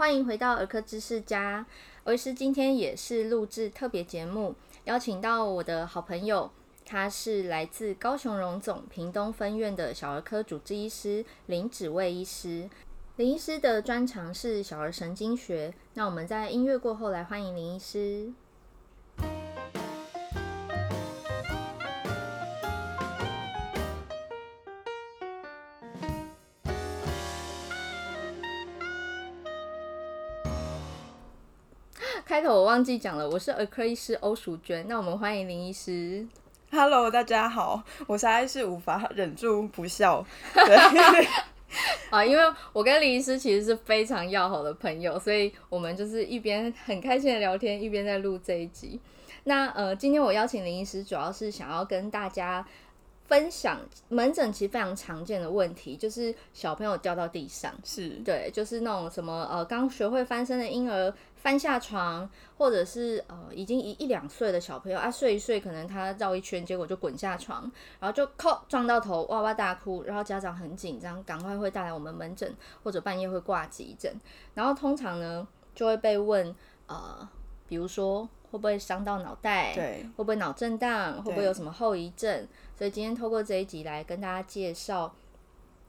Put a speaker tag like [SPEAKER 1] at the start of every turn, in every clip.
[SPEAKER 1] 歡迎回到兒科知識家，為師今天也是錄製特別節目，邀請到我的好朋友，他是來自高雄榮總屏東分院的小兒科主治醫師林芷蔚醫師。林醫師的專長是小兒神經學，那我們在音樂過後來歡迎林醫師。開頭我忘記講了，我是兒科醫師歐淑娟。那我們歡迎林醫師。Hello，大家好，我實在是無法忍住不笑，對，笑。， 啊，因為我跟林醫師其實是非常要好的朋友，所以我們就是一邊很開心的聊天，一邊在錄這一集。那呃，今天我邀請林醫師，主要是想要跟大家分享門診其實非常常見的問題，就是小朋友掉到地上，是對，就是那種什麼呃，剛學會翻身的嬰兒。翻下床，或者是呃，已經一一兩歲的小朋友啊，睡一睡，可能他繞一圈，結果就滾下床，然後就靠撞到頭，哇哇大哭，然後家長很緊張，趕快會帶來我們門診，或者半夜會掛急診，然後通常呢，就會被問，呃，比如說會不會傷到腦袋，對，會不會腦震盪，會不會有什麼後遺症，所以今天透過這一集來跟大家介紹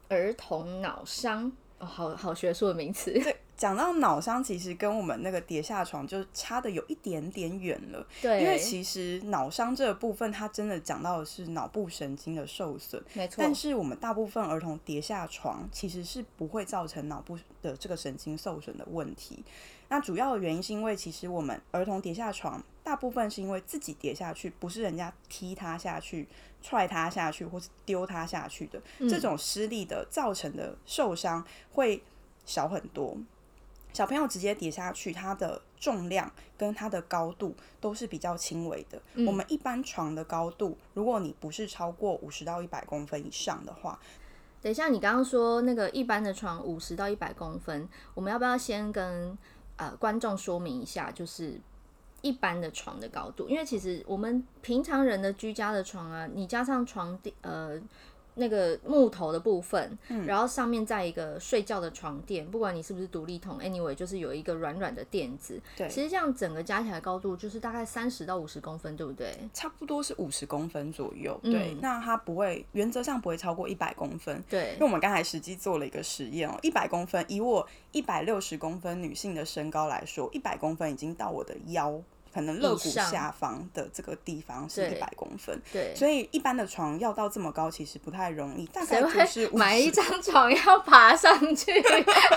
[SPEAKER 1] 兒童腦傷。哦、好好學術的名詞。對，
[SPEAKER 2] 講到腦傷，其實跟我們那個跌下床就差得有一點點遠了。對，因為其實腦傷這個部分，它真的講到的是腦部神經的受損。沒錯。但是我們大部分兒童跌下床，其實是不會造成腦部的這個神經受損的問題。那主要的原因是因為其實我們兒童跌下床，大部分是因為自己跌下去，不是人家踢他下去、踹他下去，或是丟他下去的。嗯、這種失力的造成的受傷會少很多。小朋友直接跌下去，他的重量跟他的高度都是比較
[SPEAKER 1] 輕微的、嗯。我們一般床的高度，如果你不是超過五十到一百公分以上的話，等一下你剛剛說那個一般的床五十到一百公分，我們要不要先跟呃觀眾說明一下，就是？一般的床的高度，因為其實我們平常人的居家的床啊，你加上床墊，呃。那個木頭的部分、嗯，然後上面在一個睡覺的床墊，不管你是不是獨立筒，Anyway，就是有一個軟軟的墊子。對，其實這樣整個加起來高度就是大概三十到五十公分，對不對？差不多是五十公分左右。對、嗯，那它不會，原則上不會
[SPEAKER 2] 超過一百公分。對，因為我們剛才實際做了一個實驗哦，一百公分以我一百六十公分女性的身高來說，一百公分已經到我的腰。可能肋骨下方的這個地方是一百公分對，對，所以一般的床要到這麼高，其實不太
[SPEAKER 1] 容易，是不是？大概就是買一張床要爬上去，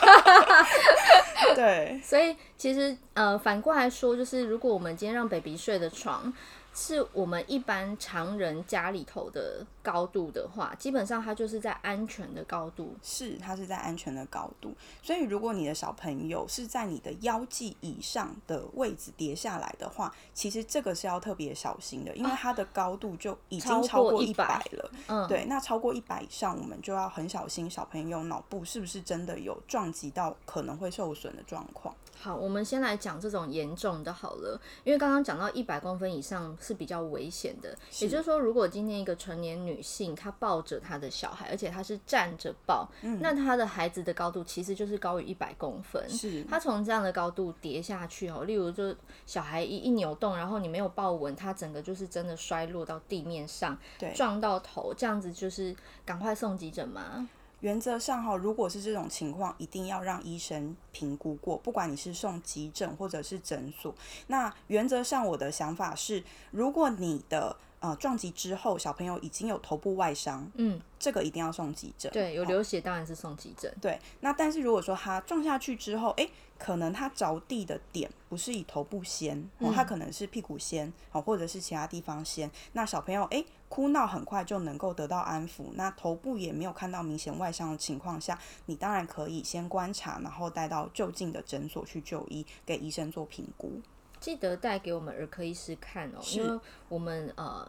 [SPEAKER 1] 對。所以其實呃，反過來說，就是如果我們今天讓 baby 睡的床是我們一般常人家裡頭的。高度的話，基本上它就是在安全的高度，是它是在安全的高度。所以如果你的小
[SPEAKER 2] 朋友是在你的腰際以上的位置跌下來的話，其實這個是要特別小心的，因為它的高度就已經超過一百了，啊。嗯，對，那超過一百以上，我們就要很小心小朋友腦部是不是真的有撞擊到可能會受
[SPEAKER 1] 損的狀況。好，我們先來講這種嚴重的好了，因為剛剛講到一百公分以上是比較危險的，也就是說，如果今天一個成年女，女性她抱着她的小孩，而且她是站着抱、嗯，那她的孩子的高度其實就是高於一百公分。是，她從這樣的高度跌下去哦，例如就小孩一一扭動，然後你沒有抱穩，他整個就是真的摔落到地面上，對，撞到頭，這樣子就是趕快送急診嗎？原則上哈，如果是這種情況，一定要讓醫生
[SPEAKER 2] 評估過，不管你是送急診或者是診所。那原則上我的想法是，如果你的。啊、呃，撞擊之後小朋友已經有頭部外傷，嗯，這個一定要送急診。對，
[SPEAKER 1] 有流血當然是送急診、哦。對，那但是如果說他撞下去之
[SPEAKER 2] 後，哎、欸，可能他着地的點不是以頭部先，哦、嗯，他可能是屁股先，哦，或者是其他地方先。那小朋友哎、欸、哭鬧很快就能夠得到安撫，那頭部也沒有看到明顯外傷的情況下，你當然可以先觀察，然後帶到就近的診所去就醫，給醫生做評估。
[SPEAKER 1] 記得帶給我們兒科醫師看哦、喔，因為我們呃，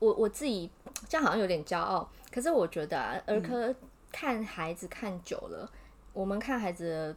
[SPEAKER 1] 我我自己這樣好像有點驕傲，可是我覺得啊、嗯，兒科看孩子看久了，我們看孩子的，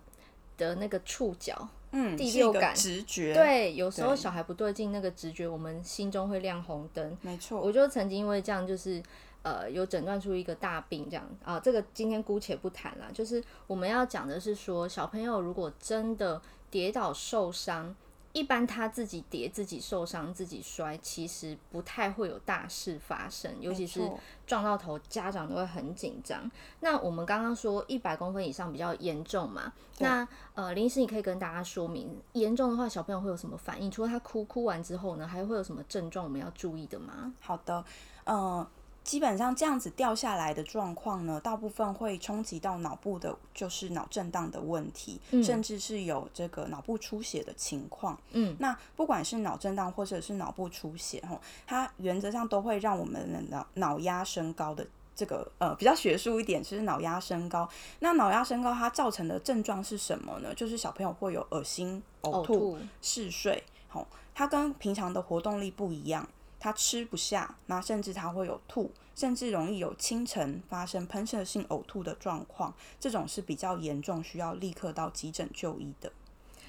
[SPEAKER 1] 的那個觸角，嗯，第六感直覺，對，有時候小孩不對勁，那個直覺我們心中會亮紅燈，沒錯。我就曾經因為這樣，就是呃，有診斷出一個大病這樣啊、呃，這個今天姑且不談啦。就是我們要講的是說，小朋友如果真的跌倒受傷。一般他自己跌、自己受傷、自己摔，其實不太會有大事發生。尤其是撞到頭，家長都會很緊張。那我們剛剛說一百公分以上比較嚴重嘛？那呃，林醫師，你可以跟大家說明，嚴重的話小朋友會有什麼反應？除了他哭哭完之後呢，還會有什麼症狀？我們要注意的嗎？好的，嗯。基本上這樣子掉下來的
[SPEAKER 2] 狀況呢，大部分會衝擊到腦部的，就是腦震盪的問題，嗯，甚至是有這個腦部出血的情況。嗯，那不管是腦震盪或者是腦部出血，吼它原則上都會讓我們腦腦壓升高的這個呃比較學術一點，就是腦壓升高。那腦壓升高它造成的症狀是什麼呢？就是小朋友會有惡心、嘔吐、嗜睡，吼它跟平常的活動力不一樣。他吃不下，那甚至他會有吐，甚至容易有清晨發生噴射性嘔吐的狀況，這種是比較嚴重，需要立刻到急診就醫的。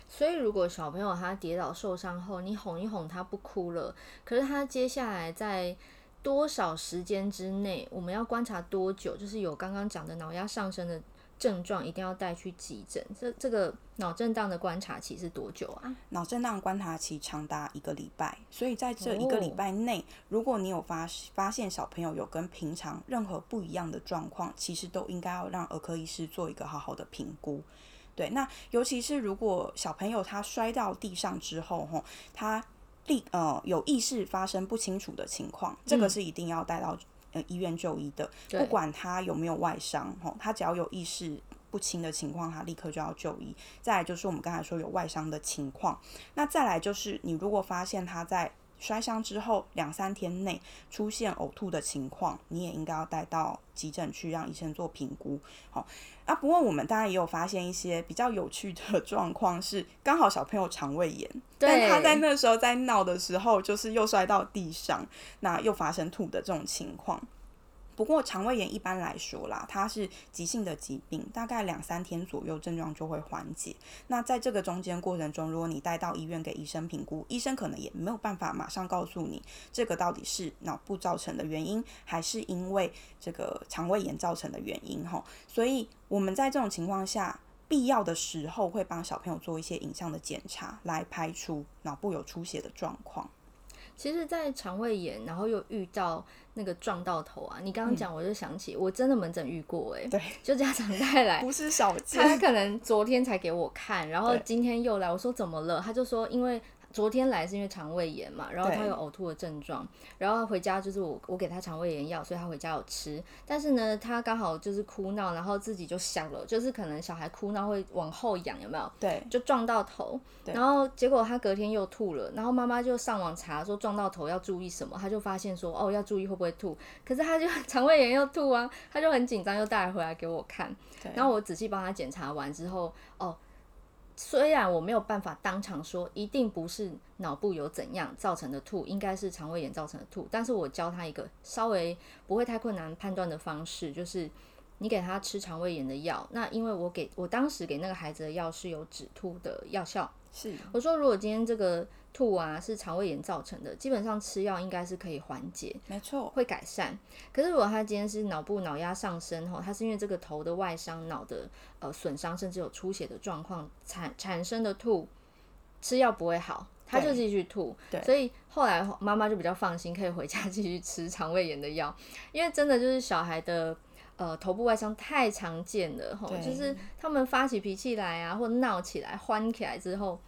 [SPEAKER 1] 所以，如果小朋友他跌倒受傷後，你哄一哄他不哭了，可是他接下來在多少時間之內，我們要觀察多久，就是有剛剛講的腦壓上升的。症狀一定要帶去急診。這這個腦震盪的觀察期是多久啊？腦震盪觀察期長達一個禮拜，所以在這一個禮拜
[SPEAKER 2] 內，哦、如果你有發發現小朋友有跟平常任何不一樣的狀況，其實都應該要讓兒科醫師做一個好好的評估。對，那尤其是如果小朋友他摔到地上之後，他立呃有意識發生不清楚的情況，這個是一定要帶到。嗯呃，醫院就醫的，不管他有沒有外傷，吼，他只要有意識不清的情況，他立刻就要就醫。再來就是我們剛才說有外傷的情況，那再來就是你如果發現他在。摔傷之後兩三天內出現嘔吐的情況，你也應該要帶到急診去讓醫生做評估。好，啊，不過我們當然也有發現一些比較有趣的狀況，是剛好小朋友腸胃炎，但他在那時候在鬧的時候，就是又摔到地上，那又發生吐的這種情況。不過腸胃炎一般來說啦，它是急性的疾病，大概兩三天左右症狀就會緩解。那在這個中間過程中，如果你帶到醫院給醫生評估，醫生可能也沒有辦法馬上告訴你，這個到底是腦部造成的原因，還是因為這個腸胃炎造成的原因哈。所以我們在這種情況下，必要的時候會幫小朋友做一些影像的檢查，來排除腦部有出血的狀況。
[SPEAKER 1] 其實，在腸胃炎，然後又遇到。那個撞到頭啊！你剛剛講，我就想起，嗯、我真的門診遇過、欸，哎，對，就家長帶來， 不是小見，他可能昨天才給我看，然後今天又來，我說怎麼了，他就說因為。昨天來是因為腸胃炎嘛，然後他有嘔吐的症狀，然後回家就是我我給他腸胃炎藥，所以他回家有吃。但是呢，他剛好就是哭鬧，然後自己就響了，就是可能小孩哭鬧會往後仰，有沒有？對，就撞到頭。然後結果他隔天又吐了，然後媽媽就上網查說撞到頭要注意什麼，他就發現說哦，要注意會不會吐，可是他就腸胃炎又吐啊，他就很緊張又帶回來給我看，啊、然後我仔細幫他檢查完之後，哦。雖然我沒有辦法當場說，一定不是腦部有怎樣造成的吐，應該是腸胃炎造成的吐。但是我教他一個稍微不會太困難判斷的方式，就是你給他吃腸胃炎的藥。那因為我給我當時給那個孩子的藥是有止吐的藥效，是。我說如果今天這個。吐啊，是腸胃炎造成的，基本上吃藥應該是可以緩解，沒錯，會改善。可是如果他今天是腦部腦壓上升吼，他是因為這個頭的外傷、腦的呃損傷，甚至有出血的狀況產產生的吐，吃藥不會好，他就繼續吐。對，所以後來媽媽就比較放心，可以回家繼續吃腸胃炎的藥，因為真的就是小孩的呃頭部外傷太常見了吼，就是他們發起脾氣來啊，或鬧起來、歡起來之後。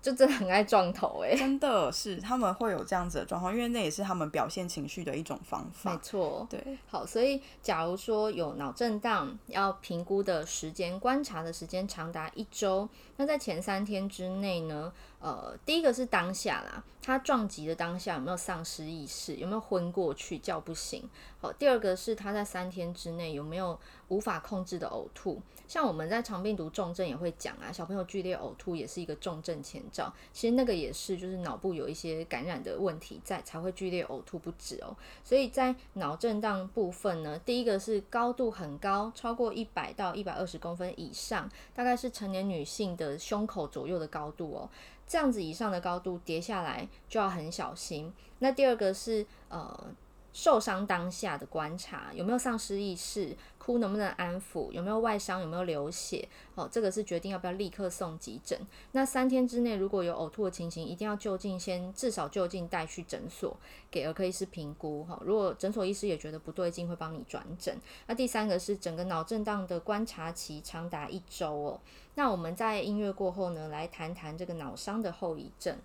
[SPEAKER 1] 就真的很愛撞頭誒、欸,真的是他們會有這樣子的狀況，因為那也是他們表現情緒的一種方法。沒錯，對，好，所以假如說有腦震盪，要評估的時間、觀察的時間長達一周，那在前三天之內呢，呃，第一個是當下啦，他撞擊的當下有沒有喪失意識，有沒有昏過去、叫不醒？好，第二個是他在三天之內有沒有無法控制的嘔吐。像我們在腸病毒重症也會講啊，小朋友劇烈嘔吐也是一個重症前兆，其實那個也是就是腦部有一些感染的問題在才會劇烈嘔吐不止哦。所以在腦震盪部分呢，第一個是高度很高，超過一百到一百二十公分以上，大概是成年女性的胸口左右的高度哦，這樣子以上的高度跌下來就要很小心。那第二個是呃受傷當下的觀察有沒有喪失意識。哭能不能安撫？有沒有外傷？有沒有流血？哦，這個是決定要不要立刻送急診。那三天之內如果有嘔吐的情形，一定要就近先至少就近帶去診所給兒科醫師評估。哈、哦，如果診所醫師也覺得不對勁，會幫你轉診。那第三個是整個腦震盪的觀察期長達一周哦。那我們在音樂過後呢，來談談這個腦傷的後遺症。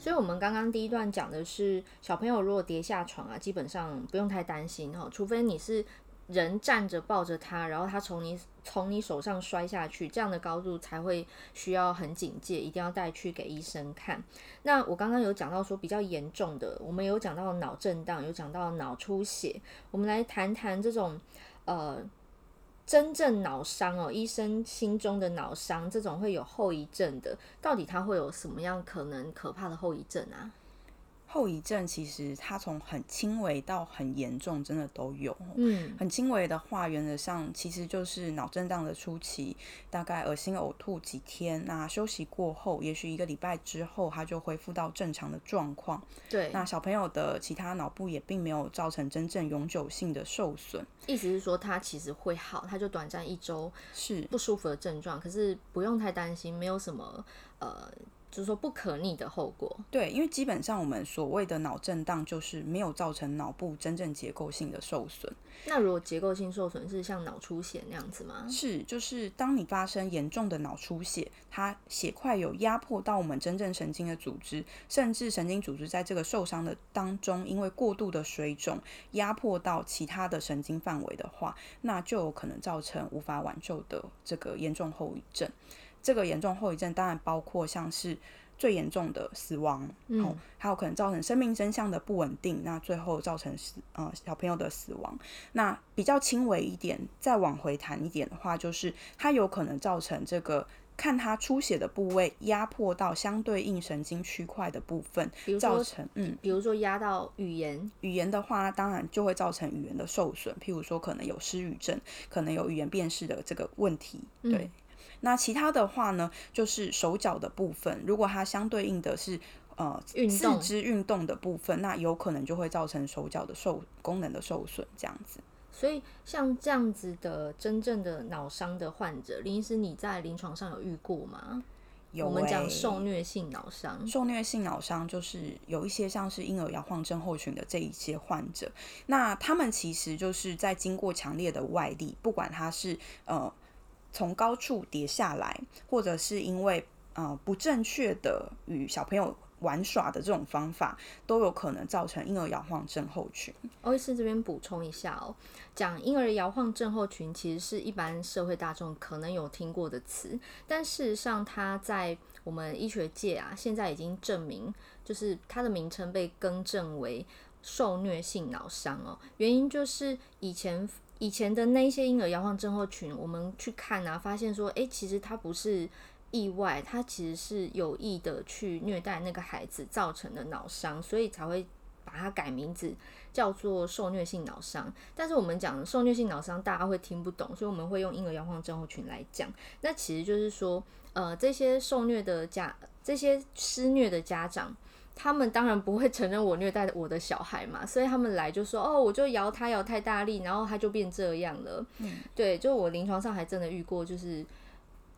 [SPEAKER 1] 所以我們剛剛第一段講的是小朋友如果跌下床啊，基本上不用太擔心哈，除非你是人站着抱着他，然後他從你、從你手上摔下去，這樣的高度才會需要很警戒，一定要帶去給醫生看。那我剛剛有講到說比較嚴重的，我們有講到腦震盪，有講到腦出血，我們來談談這種呃。真正腦傷哦，醫生心中的腦傷，這種會有後遺症的，到底他會有什麼樣可能可怕的後遺症啊？後遺症其實它從
[SPEAKER 2] 很輕微到很嚴重，真的都有。嗯，很輕微的話，原則上其實就是腦震盪的初期，大概噁心嘔吐幾天，那休息過後，也許一個禮拜之後，它就恢復到正常的狀況。對，那小朋友的其他腦部也並沒有造成真正永久性的受損。
[SPEAKER 1] 意思是說，它其實會好，它就短暫一周是不舒服的症狀，可是不用太擔心，沒有什麼呃。就是說不可逆的後果。對，
[SPEAKER 2] 因為基本上我們所謂的腦震盪，就是沒有造成腦部真正結構性的受損。
[SPEAKER 1] 那如果結構性受損是像腦出血
[SPEAKER 2] 那樣子嗎？是，就是當你發生嚴重的腦出血，它血塊有壓迫到我們真正神經的組織，甚至神經組織在這個受傷的當中，因為過度的水腫壓迫到其他的神經範圍的話，那就有可能造成無法挽救的這個嚴重後遺症。這個嚴重後遺症當然包括像是最嚴重的死亡，嗯哦、還有可能造成生命徵象的不穩定，那最後造成死呃小朋友的死亡。那比較輕微一點，再往回談一點的話，就是它有可能造成這個，看它出血的部位壓迫到相對應神經區塊的部分，比如造成嗯，
[SPEAKER 1] 比如說壓到語言
[SPEAKER 2] 語言的話，當然就會造成語言的受損，譬如說可能有失語症，可能有語言辨識的這個問題，對。嗯那其他的話呢，就是手腳的部分，如果它相對應的是呃四肢運動的部分，那有可能就會造成手腳的受功能的受損這樣子。
[SPEAKER 1] 所以像這樣子的真正的腦傷的患者，林醫師你在臨床上有遇過嗎？有、
[SPEAKER 2] 欸，我們講受
[SPEAKER 1] 虐性腦傷，受虐性腦傷就是有一些像是嬰兒搖晃症候群的這一
[SPEAKER 2] 些患者，那他們其實就是在經過強烈的外力，不管他是呃。從高處跌下來，或者是因為呃不正確的與小朋友玩耍的這種方法，都有可能造成嬰兒搖晃症候群。
[SPEAKER 1] 歐、oh, 醫師這邊補充一下哦，講嬰兒搖晃症候群其實是一般社會大眾可能有聽過的詞，但事實上它在我們醫學界啊，現在已經證明，就是它的名稱被更正為受虐性腦傷哦。原因就是以前。以前的那一些嬰兒搖晃症候群，我們去看啊，發現說，誒、欸，其實他不是意外，他其實是有意的去虐待那個孩子造成的腦傷，所以才會把它改名字叫做受虐性腦傷。但是我們講受虐性腦傷，大家會聽不懂，所以我們會用嬰兒搖晃症候群來講。那其實就是說，呃，這些受虐的家，這些施虐的家長。他們當然不會承認我虐待我的小孩嘛，所以他們來就說哦，我就搖他搖太大力，然後他就變這樣了。嗯，對，就我臨床上還真的遇過，就是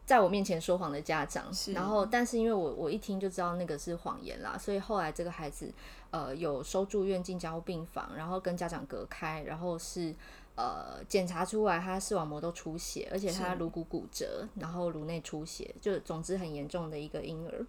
[SPEAKER 1] 在我面前說謊的家長。然後，但是因為我我一聽就知道那個是謊言啦，所以後來這個孩子呃有收住院進加護病房，然後跟家長隔開，然後是呃檢查出來他視網膜都出血，而且他顱骨骨折，然後顱內出血，就總之很嚴重的一個嬰兒。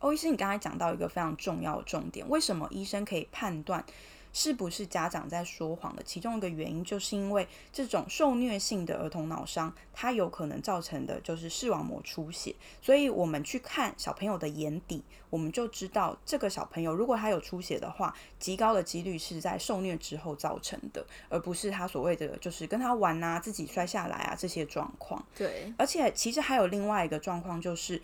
[SPEAKER 1] 歐醫生，你剛才講到一個非常重要的重點，為什麼醫生可以判斷
[SPEAKER 2] 是不是家長在說謊的？其中一個原因就是因為這種受虐性的兒童腦傷，它有可能造成的就是視網膜出血，所以我們去看小朋友的眼底，我們就知道這個小朋友如果他有出血的話，極高的幾率是在受虐之後造成的，而不是他所謂的就是跟他玩啊，自己摔下來啊這些狀況。對，而且其實還有另外一個狀況就是。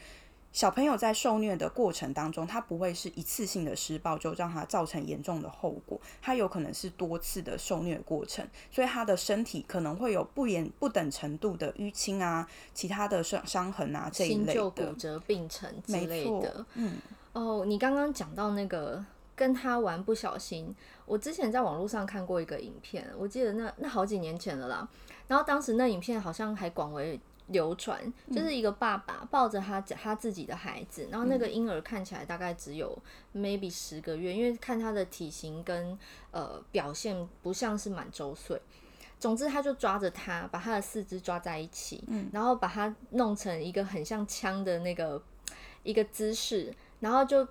[SPEAKER 2] 小朋友在受虐的過程當中，他不會是一次性的施暴就讓他造成嚴重的後果，他有可能是多次的受虐過程，所以他的身體可能會有不嚴不等程度的淤青啊，其他的傷傷痕啊這一類的骨折
[SPEAKER 1] 病程之類的。沒錯。嗯，哦、oh,，你剛剛講到那個跟他玩不小心，我之前在網絡上看過一個影片，我記得那那好幾年前了啦，然後當時那影片好像還廣為。流傳，就是一個爸爸抱着他他自己的孩子，然後那個嬰兒看起來大概只有 maybe 十個月，因為看他的體型跟呃表現不像是滿周歲。總之，他就抓着他，把他的四肢抓在一起，然後把他弄成一個很像槍的那個一個姿勢，然後就。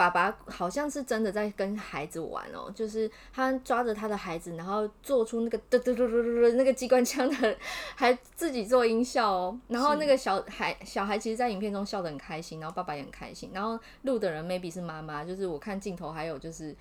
[SPEAKER 1] 爸爸好像是真的在跟孩子玩哦，就是他抓着他的孩子，然後做出那個嘟嘟嘟嘟嘟那個機關槍的，還自己做音效哦。然後那個小孩小孩其實，在影片中笑得很開心，然後爸爸也很開心。然後錄的人 maybe 是媽媽，就是我看鏡頭還有就是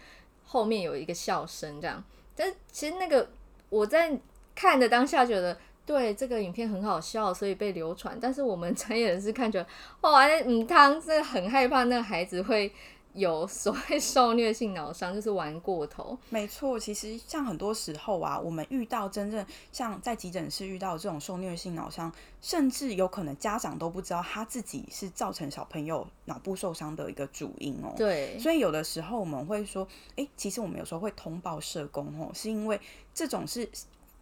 [SPEAKER 1] 後面有一個笑聲這樣。但其實那個我在看的當下覺得，對這個影片很好笑，所以被流傳。但是我們專業人士看覺得，哇、哦，嗯，湯真很害怕那個孩子會。有所謂受虐性腦傷，就是玩過頭。沒錯，其實像很多時候啊，我們遇到真正像在急診室遇到這種
[SPEAKER 2] 受虐性腦傷，甚至有可能家長都不知道他自己是造成小朋友腦部受傷的一個主因哦。對，所以有的時候我們會說，哎，其實我們有時候會通報社工哦，是因為這種是。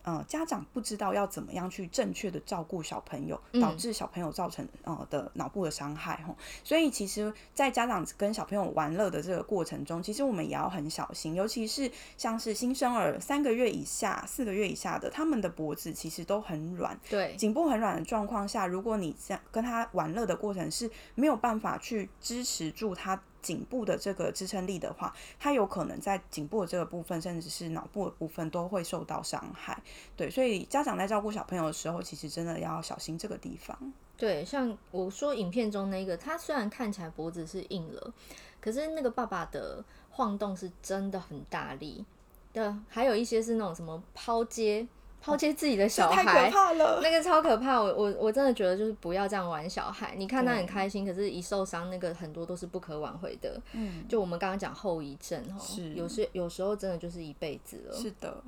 [SPEAKER 2] 嗯，家長不知道要怎麼樣去正確的照顧小朋友，導致小朋友造成呃的腦部的傷害。嗯。所以其實在家長跟小朋友玩樂的這個過程中，其實我們也要很小心，尤其是像是新生兒三個月以下、四個月以下的，他們的脖子其實都很軟，對，頸部很軟的狀況下，如果你在跟他玩樂的過程是沒有辦法去支持住他頸部的這個支撐力的話，它有可能在頸部的這個部分，甚至是腦部的部分都會受到傷害。對，所以家長在照顧小朋友的時候，其實真的要小心這個地方。
[SPEAKER 1] 對，像我說影片中那個，他雖然看起來脖子是硬了，可是那個爸爸的晃動是真的很大力的，對，還有一些是那種什麼拋接。拋接自己的小孩，太可怕了，那個超可怕，我！我我我真的覺得就是不要這樣玩小孩。你看他很開心，嗯、可是，一受傷那個很多都是不可挽回的。嗯，就我們剛剛講後遺症吼，是有時有時候真的就是一輩子了。是的。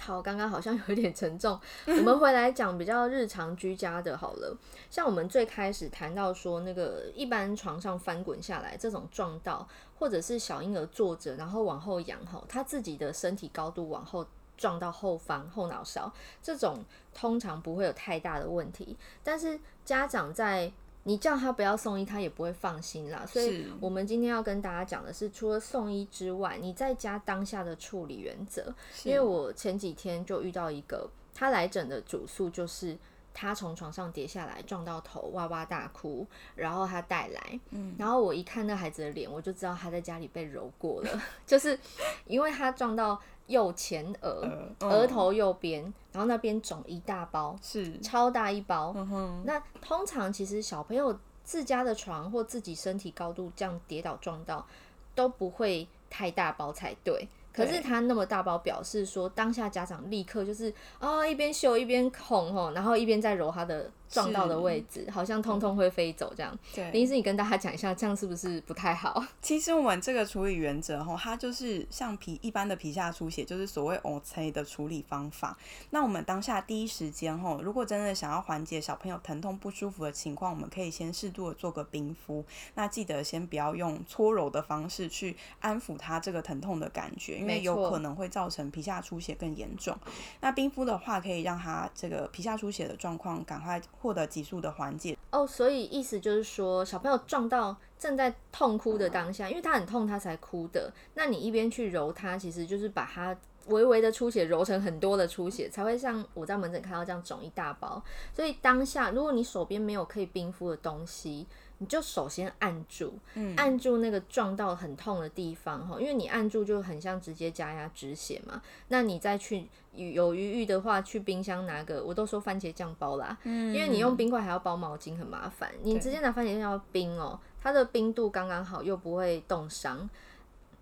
[SPEAKER 1] 好，剛剛好像有一點沉重， 我們回來講比較日常居家的好了。像我們最開始談到說，那個一般床上翻滾下來這種撞到，或者是小嬰兒坐着然後往後仰吼，他自己的身體高度往後。撞到後方後腦勺這種通常不會有太大的問題，但是家長在你叫他不要送醫，他也不會放心啦。所以，我們今天要跟大家講的是，除了送醫之外，你在家當下的處理原則。因為我前幾天就遇到一個，他來診的主訴就是，他從床上跌下來，撞到頭，哇哇大哭。然後他帶來、嗯，然後我一看那孩子的臉，我就知道他在家裡被揉過了，嗯、就是因為他撞到右前額，嗯、額頭右邊，然後那邊腫一大包，是超大一包、嗯。那通常其實小朋友自家的床或自己身體高度這樣跌倒撞到，都不會太大包才對。可是他那麼大包，表示說，當下家長立刻就是啊、哦，一邊秀一邊哄哄，然後一邊在揉他的。撞到的位置好像通通會飛走這樣，對。林醫師，你跟大家講一下，這樣是不是不太好？其實我們這個處理原則哈，它就是像皮一
[SPEAKER 2] 般的皮下出血，就是所謂 O C 的處理方法。那我們當下第一時間哈，如果真的想要緩解小朋友疼痛不舒服的情況，我們可以先適度的做個冰敷。那記得先不要用搓揉的方式去安撫他這個疼痛的感覺，因為有可能會造成皮下出血更嚴重。那冰敷的話，可以讓他這個皮下
[SPEAKER 1] 出血的狀況趕快。獲
[SPEAKER 2] 得激素的緩解哦，oh, 所以意思就
[SPEAKER 1] 是說，小朋友撞到正在痛哭的當下，因為他很痛，他才哭的。那你一邊去揉他，其實就是把他。微微的出血，揉成很多的出血，才會像我在門診看到這樣腫一大包。所以當下如果你手邊沒有可以冰敷的東西，你就首先按住，按住那個撞到很痛的地方哈、嗯，因為你按住就很像直接加壓止血嘛。那你再去有餘裕的話，去冰箱拿個，我都說番茄醬包啦、嗯，因為你用冰塊還要包毛巾很麻煩，你直接拿番茄醬冰哦、喔，它的冰度剛剛好，又不會凍傷。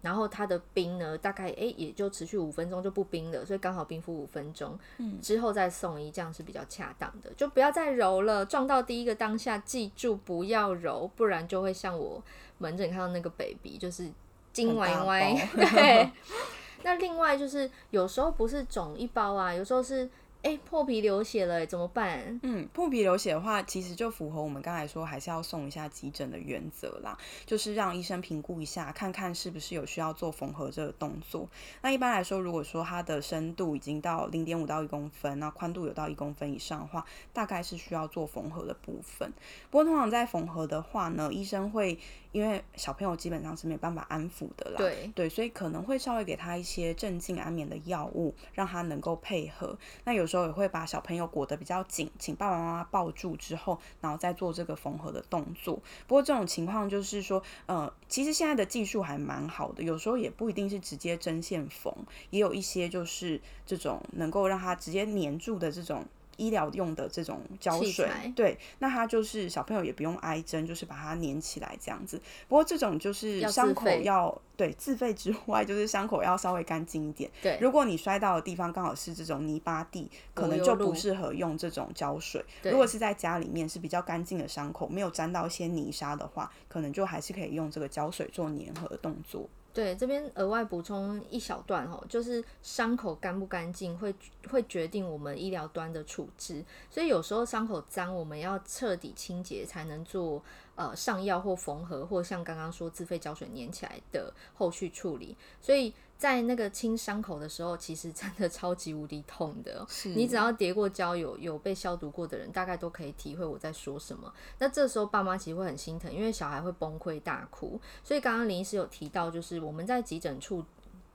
[SPEAKER 1] 然後它的冰呢，大概誒也就持續五分鐘就不冰了，所以剛好冰敷五分鐘，嗯，之後再送醫，這樣是比較恰當的，就不要再揉了。撞到第一個當下，記住不要揉，不然就會像我門診看到那個 baby，就是筋歪歪歪。 對。那另外就是有時候不是腫一包啊，有時候是。哎、欸，破皮流血了，欸、怎麼辦？嗯，破皮流血的話，其實就符合我們剛才說還是要送一下急診的原
[SPEAKER 2] 則啦，就是讓醫生評估一下，看看是不是有需要做縫合這個動作。那一般來說，如果說它的深度已經到零點五到一公分，那寬度有到一公分以上的話，大概是需要做縫合的部分。不過通常在縫合的話呢，醫生會。因為小朋友基本上是沒辦法安撫的啦，對對，所以可能會稍微給他一些鎮靜安眠的藥物，讓他能夠配合。那有時候也會把小朋友裹得比較緊，請爸爸媽媽抱住之後，然後再做這個縫合的動作。不過這種情況就是說，呃，其實現在的技術還蠻好的，有時候也不一定是直接針線縫，也有一些就是這種能夠讓他直接粘住的這種。醫療用的這種膠水，對，那它就是小朋友也不用挨針，就是把它粘起來這樣子。不過這種就是傷口要，要自費，對，自費之外，就是傷口要稍微乾淨一點。對，如果你摔到的地方剛好是這種泥巴地，可能就不適合用這種膠水。如果是在家裡面是比較乾淨的傷口，沒有沾到一些泥沙的話，可能就還是可以用這個膠水做粘合的動作。
[SPEAKER 1] 對，這邊額外補充一小段哦，就是傷口乾不乾淨會會決定我們醫療端的處置，所以有時候傷口髒，我們要徹底清潔才能做，呃，上藥或縫合，或像剛剛說自費膠水粘起來的後續處理，所以在那個清傷口的時候，其實真的超級無敵痛的。你只要跌過跤，有有被消毒過的人，大概都可以體會我在說什麼。那這時候爸媽其實會很心疼，因為小孩會崩潰大哭。所以剛剛林醫師有提到，就是我們在急診處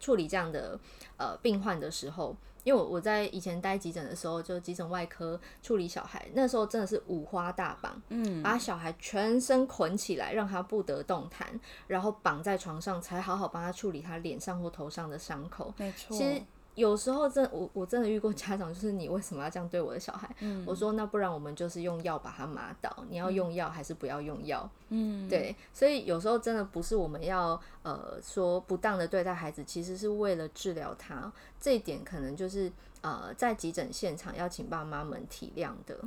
[SPEAKER 1] 處理這樣的呃病患的時候，因為我我在以前待急診的時候，就急診外科處理小孩，那時候真的是五花大綁，嗯，把小孩全身捆起來，讓他不得動彈，然後綁在床上，才好好幫他處理他臉上或頭上的傷口。沒錯。有時候真我我真的遇過家長，就是你為什麼要這樣對我的小孩？嗯，我說那不然我們就是用藥把他麻倒，嗯，你要用藥還是不要用藥？嗯，對，所以有時候真的不是我們要呃說不當的對待孩子，其實是為了治療他，這一點可能就是呃在急診現場要請爸媽們體諒的。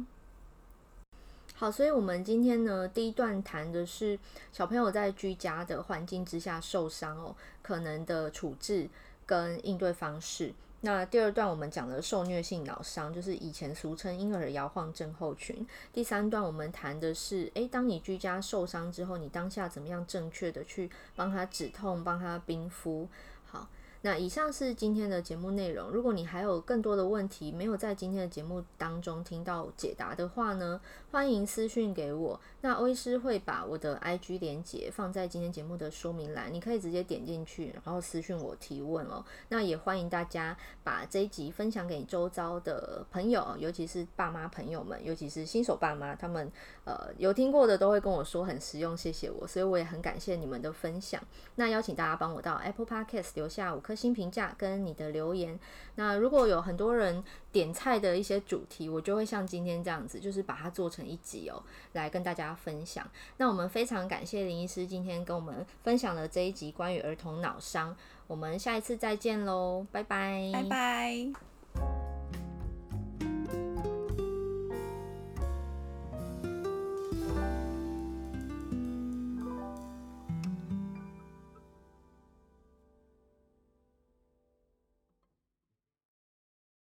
[SPEAKER 1] 好，所以我們今天呢第一段談的是小朋友在居家的環境之下受傷哦，可能的處置。跟應對方式。那第二段我們講的受虐性腦傷，就是以前俗稱嬰兒搖晃症候群。第三段我們談的是，誒，當你居家受傷之後，你當下怎麼樣正確的去幫他止痛，幫他冰敷。那以上是今天的節目內容。如果你還有更多的問題沒有在今天的節目當中聽到解答的話呢，歡迎私訊給我。那歐醫師會把我的 IG 連結放在今天節目的說明欄，你可以直接點進去，然後私訊我提問哦。那也歡迎大家把這一集分享給周遭的朋友，尤其是爸媽朋友們，尤其是新手爸媽，他們呃有聽過的都會跟我說很實用，謝謝我。所以我也很感謝你們的分享。那邀請大家幫我到 Apple Podcast 留下五顆。新評價跟你的留言，那如果有很多人點菜的一些主題，我就會像今天這樣子，就是把它做成一集喔，來跟大家分享。那我們非常感謝林醫師今天跟我們分享了這一集關於兒童腦傷，我們下一次再見嘍，拜拜，拜拜。